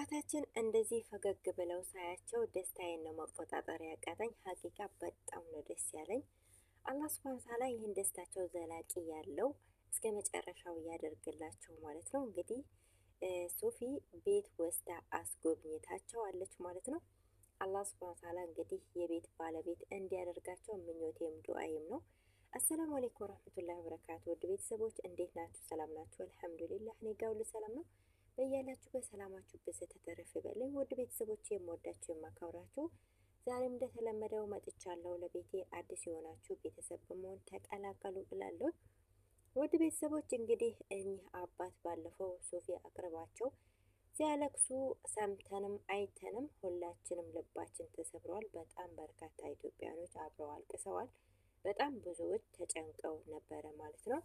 አባታችን እንደዚህ ፈገግ ብለው ሳያቸው ደስታዬን ነው መቆጣጠር ያቃተኝ። ሀቂቃ በጣም ነው ደስ ያለኝ። አላህ ሱብሃነሁ ወተዓላ ይህን ደስታቸው ዘላቂ ያለው እስከ መጨረሻው እያደርግላቸው ማለት ነው። እንግዲህ ሶፊ ቤት ወስዳ አስጎብኝታቸው አለች ማለት ነው። አላህ ሱብሃነሁ ወተዓላ እንግዲህ የቤት ባለቤት እንዲያደርጋቸው ምኞቴም ዱአዬም ነው። አሰላሙ አለይኩም ወረሕመቱላሂ ወበረካቱ። ውድ ቤተሰቦች እንዴት ናችሁ? ሰላም ናችሁ? አልሐምዱሊላህ እኔ ጋር ሁሉ ሰላም ነው። በያላችሁ በሰላማችሁ ብዝ ተተረፍ በለኝ። ውድ ቤተሰቦች የምወዳችሁ የማከብራችሁ ዛሬም እንደተለመደው መጥቻለሁ። ለቤቴ አዲስ የሆናችሁ ቤተሰብ በመሆን ተቀላቀሉ እላለሁ። ውድ ቤተሰቦች እንግዲህ እኚህ አባት ባለፈው ሶፊ አቅርባቸው ሲያለቅሱ ሰምተንም አይተንም ሁላችንም ልባችን ተሰብረዋል። በጣም በርካታ ኢትዮጵያኖች አብረው አልቅሰዋል። በጣም ብዙዎች ተጨንቀው ነበረ ማለት ነው።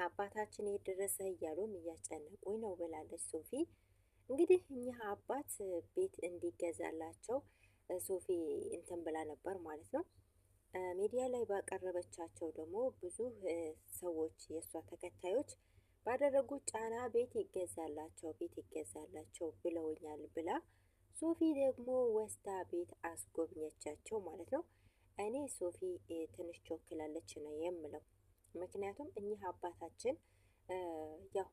ከአባታችን የደረሰ እያሉም እያስጨነቁኝ ነው ብላለች ሶፊ። እንግዲህ እኚህ አባት ቤት እንዲገዛላቸው ሶፊ እንትን ብላ ነበር ማለት ነው። ሚዲያ ላይ ባቀረበቻቸው ደግሞ ብዙ ሰዎች የእሷ ተከታዮች ባደረጉት ጫና ቤት ይገዛላቸው ቤት ይገዛላቸው ብለውኛል ብላ ሶፊ ደግሞ ወስዳ ቤት አስጎብኘቻቸው ማለት ነው። እኔ ሶፊ ትንሽ ቾክላለች ነው የምለው። ምክንያቱም እኚህ አባታችን ያው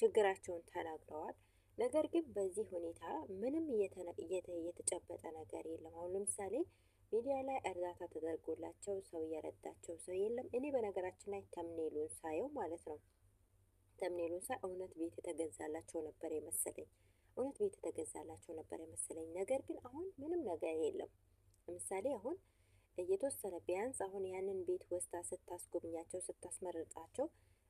ችግራቸውን ተናግረዋል። ነገር ግን በዚህ ሁኔታ ምንም የተጨበጠ ነገር የለም። አሁን ለምሳሌ ሚዲያ ላይ እርዳታ ተደርጎላቸው ሰው እየረዳቸው ሰው የለም። እኔ በነገራችን ላይ ተምኔሉን ሳየው ማለት ነው ተምኔሉን ሳይ እውነት ቤት የተገዛላቸው ነበር የመሰለኝ እውነት ቤት የተገዛላቸው ነበር የመሰለኝ። ነገር ግን አሁን ምንም ነገር የለም። ለምሳሌ አሁን እየተወሰነ ቢያንስ አሁን ያንን ቤት ወስዳ ስታስጎብኛቸው ስታስመርጣቸው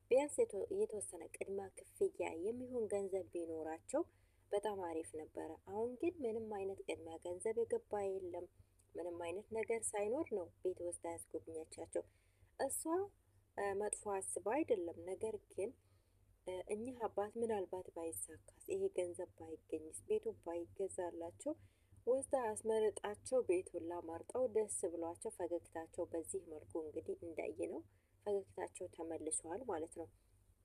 ቢያንስ የተወሰነ ቅድመ ክፍያ የሚሆን ገንዘብ ቢኖራቸው በጣም አሪፍ ነበረ። አሁን ግን ምንም አይነት ቅድሚያ ገንዘብ የገባ የለም። ምንም አይነት ነገር ሳይኖር ነው ቤት ወስዳ ያስጎብኛቻቸው። እሷ መጥፎ አስባ አይደለም። ነገር ግን እኚህ አባት ምናልባት ባይሳካስ፣ ይሄ ገንዘብ ባይገኝስ፣ ቤቱ ባይገዛላቸው ወስዳ አስመረጣቸው። ሁላ ማርጠው ደስ ብሏቸው ፈገግታቸው በዚህ መልኩ እንግዲህ እንዳየ ነው ፈገግታቸው ተመልሷል ማለት ነው።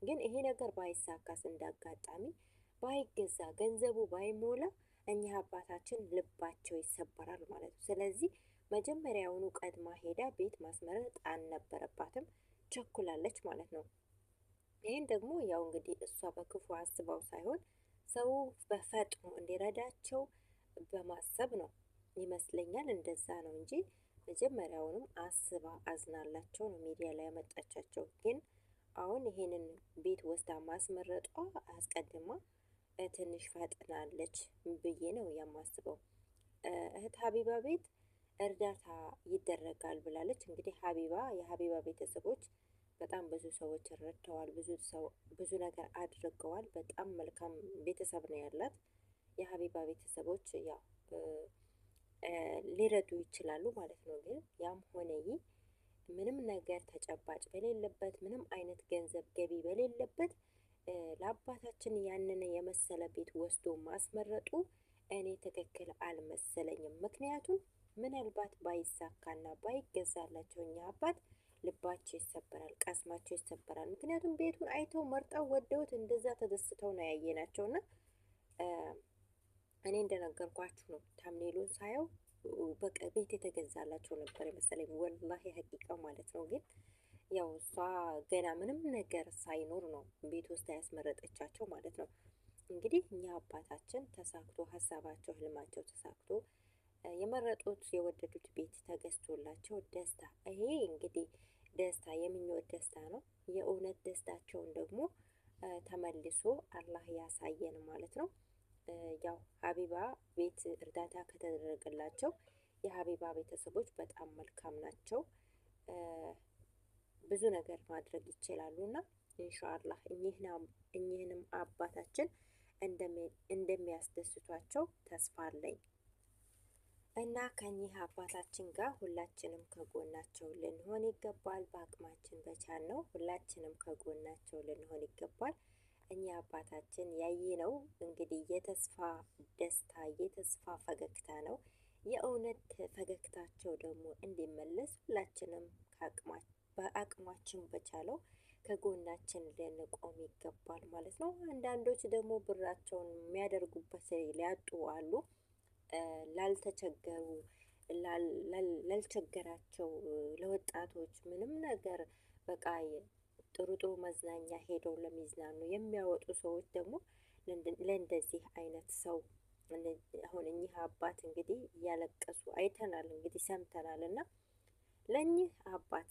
ግን ይሄ ነገር ባይሳካስ እንዳጋጣሚ ባይገዛ ገንዘቡ ባይሞላ እኚህ አባታችን ልባቸው ይሰበራል ማለት ነው። ስለዚህ መጀመሪያውኑ ቀድማ ሄዳ ቤት ማስመረጥ አልነበረባትም፣ ቸኩላለች ማለት ነው። ይህን ደግሞ ያው እንግዲህ እሷ በክፉ አስባው ሳይሆን ሰው በፈጥኖ እንዲረዳቸው በማሰብ ነው ይመስለኛል። እንደዛ ነው እንጂ መጀመሪያውንም አስባ አዝናላቸው ነው ሚዲያ ላይ ያመጣቻቸው። ግን አሁን ይሄንን ቤት ወስዳ ማስመረጧ አስቀድማ ትንሽ ፈጥናለች ብዬ ነው የማስበው። እህት ሀቢባ ቤት እርዳታ ይደረጋል ብላለች። እንግዲህ ሀቢባ የሀቢባ ቤተሰቦች በጣም ብዙ ሰዎች ረድተዋል። ብዙ ሰው ብዙ ነገር አድርገዋል። በጣም መልካም ቤተሰብ ነው ያላት። የሀቢባ ቤተሰቦች ያው ሊረዱ ይችላሉ ማለት ነው። ግን ያም ሆነ ይህ ምንም ነገር ተጨባጭ በሌለበት ምንም አይነት ገንዘብ ገቢ በሌለበት ለአባታችን ያንን የመሰለ ቤት ወስዶ ማስመረጡ እኔ ትክክል አልመሰለኝም። ምክንያቱም ምናልባት ባይሳካና ባይገዛላቸው እኛ አባት ልባቸው ይሰበራል፣ ቀስማቸው ይሰበራል። ምክንያቱም ቤቱን አይተው መርጠው ወደውት እንደዛ ተደስተው ነው ያየናቸውና እኔ እንደነገርኳችሁ ነው። ታምኔሉን ሳየው በቃ ቤት የተገዛላቸው ነበር የመሰለኝ ወላሂ ሀቂቃው ማለት ነው። ግን ያው እሷ ገና ምንም ነገር ሳይኖር ነው ቤት ውስጥ ያስመረጠቻቸው ማለት ነው። እንግዲህ እኛ አባታችን ተሳክቶ ሀሳባቸው ህልማቸው ተሳክቶ የመረጡት የወደዱት ቤት ተገዝቶላቸው ደስታ። ይሄ እንግዲህ ደስታ የምኞት ደስታ ነው። የእውነት ደስታቸውን ደግሞ ተመልሶ አላህ ያሳየን ማለት ነው። ያው ሀቢባ ቤት እርዳታ ከተደረገላቸው የሀቢባ ቤተሰቦች በጣም መልካም ናቸው። ብዙ ነገር ማድረግ ይችላሉ እና ኢንሻአላህ እኚህንም አባታችን እንደሚያስደስቷቸው ተስፋ አለኝ እና ከኚህ አባታችን ጋር ሁላችንም ከጎናቸው ልንሆን ይገባል። በአቅማችን በቻል ነው ሁላችንም ከጎናቸው ልንሆን ይገባል። እኛ አባታችን ያየ ነው እንግዲህ የተስፋ ደስታ የተስፋ ፈገግታ ነው። የእውነት ፈገግታቸው ደግሞ እንዲመለስ ሁላችንም በአቅማችን በቻለው ከጎናችን ልንቆም ይገባል ማለት ነው። አንዳንዶች ደግሞ ብራቸውን የሚያደርጉበት ሊያጡ አሉ። ላልተቸገሩ ላልቸገራቸው ለወጣቶች ምንም ነገር በቃ ጥሩ ጥሩ መዝናኛ ሄደው ለሚዝናኑ የሚያወጡ ሰዎች ደግሞ ለእንደዚህ አይነት ሰው አሁን እኚህ አባት እንግዲህ እያለቀሱ አይተናል፣ እንግዲህ ሰምተናል እና ለእኚህ አባት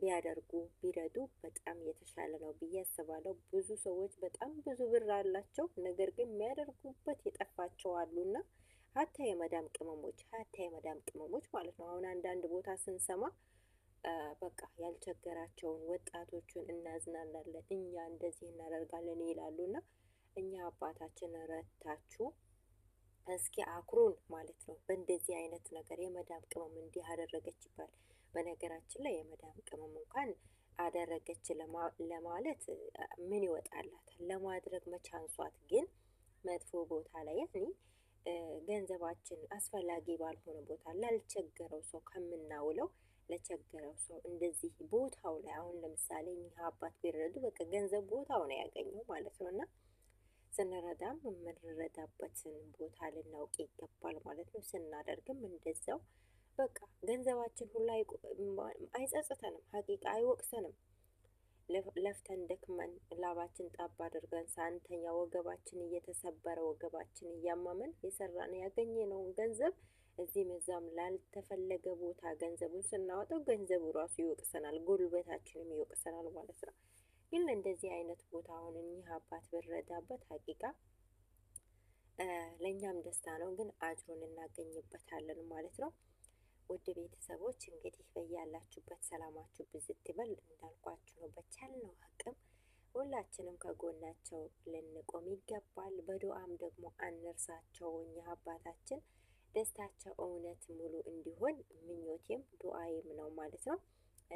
ቢያደርጉ ቢረዱ በጣም የተሻለ ነው ብዬ አስባለሁ። ብዙ ሰዎች በጣም ብዙ ብር አላቸው፣ ነገር ግን የሚያደርጉበት የጠፋቸው አሉና ሀታ የመዳም ቅመሞች ሀታ የመዳም ቅመሞች ማለት ነው። አሁን አንዳንድ ቦታ ስንሰማ በቃ ያልቸገራቸውን ወጣቶቹን እናዝናናለን፣ እኛ እንደዚህ እናደርጋለን ይላሉና እኛ አባታችን ረታችሁ እስኪ አኩሩን ማለት ነው። በእንደዚህ አይነት ነገር የመዳም ቅመም እንዲህ አደረገች ይባል። በነገራችን ላይ የመዳም ቅመም እንኳን አደረገች ለማለት ምን ይወጣላታል? ለማድረግ መቻንሷት ግን መጥፎ ቦታ ላይ ያኔ ገንዘባችን አስፈላጊ ባልሆነ ቦታ ላልቸገረው ሰው ከምናውለው ለቸገረው ሰው እንደዚህ ቦታው ላይ አሁን ለምሳሌ እኚህ አባት ቢረዱ በቃ ገንዘብ ቦታው ነው ያገኘው ማለት ነው እና ስንረዳም የምንረዳበትን ቦታ ልናውቅ ይገባል ማለት ነው። ስናደርግም እንደዛው በቃ ገንዘባችን ሁላ አይጸጽተንም፣ ሀቂቃ አይወቅሰንም። ለፍተን ደክመን ላባችን ጣብ አድርገን ሳንተኛ ወገባችን እየተሰበረ ወገባችን እያመመን የሰራን ያገኘነውን ገንዘብ እዚህም እዛም ላልተፈለገ ቦታ ገንዘቡን ስናወጣው ገንዘቡ ራሱ ይወቅሰናል፣ ጉልበታችንም ይወቅሰናል ማለት ነው። ግን እንደዚህ አይነት ቦታ አሁን እኚህ አባት ብረዳበት ሀቂቃ ለእኛም ደስታ ነው፣ ግን አጅሩን እናገኝበታለን ማለት ነው። ውድ ቤተሰቦች እንግዲህ በያላችሁበት ሰላማችሁ ብዝት ይበል። እንዳልኳችሁ ነው በቻልነው አቅም ሁላችንም ከጎናቸው ልንቆም ይገባል። በዱዓም ደግሞ አንርሳቸው። እኛ አባታችን ደስታቸው እውነት ሙሉ እንዲሆን ምኞቴም ዱዓዬም ነው ማለት ነው።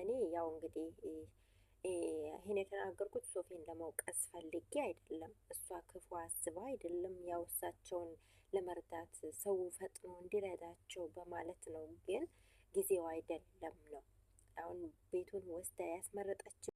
እኔ ያው እንግዲህ ይህን የተናገርኩት ሶፊን ለመውቀስ ፈልጌ አይደለም። እሷ ክፉ አስባ አይደለም። ያው እሳቸውን ለመርዳት ሰው ፈጥኖ እንዲረዳቸው በማለት ነው። ግን ጊዜው አይደለም ነው አሁን ቤቱን ወስዳ ያስመረጠችው።